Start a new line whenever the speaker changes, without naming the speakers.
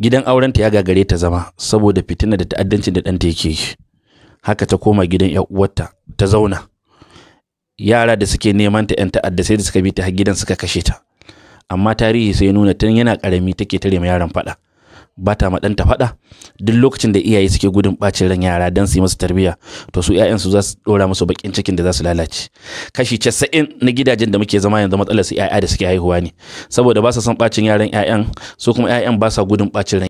gidan aurenta ya gagare ta zama saboda fitina da ta'addancin da ɗanta yake yi haka ta koma gidan ya uwarta ta zauna yara da suke neman ta yan ta'adda sai da suka bi ta gidan suka kashe ta amma tarihi sai nuna tun yana karami take tare ma yaran faɗa bata ma ma ta faɗa duk lokacin da iyaye suke gudun bacin ran yara dan su yi musu tarbiyya to su su za su ɗora musu bakin cikin da za su lalace kashi casa'in na gidajen da muke zama yanzu matsalar su ‘ya'ya da suke haihuwa ne saboda ba su son ɓacin yaran ‘ya'yan su kuma ‘ya'yan ba sa
gudun ɓacin ran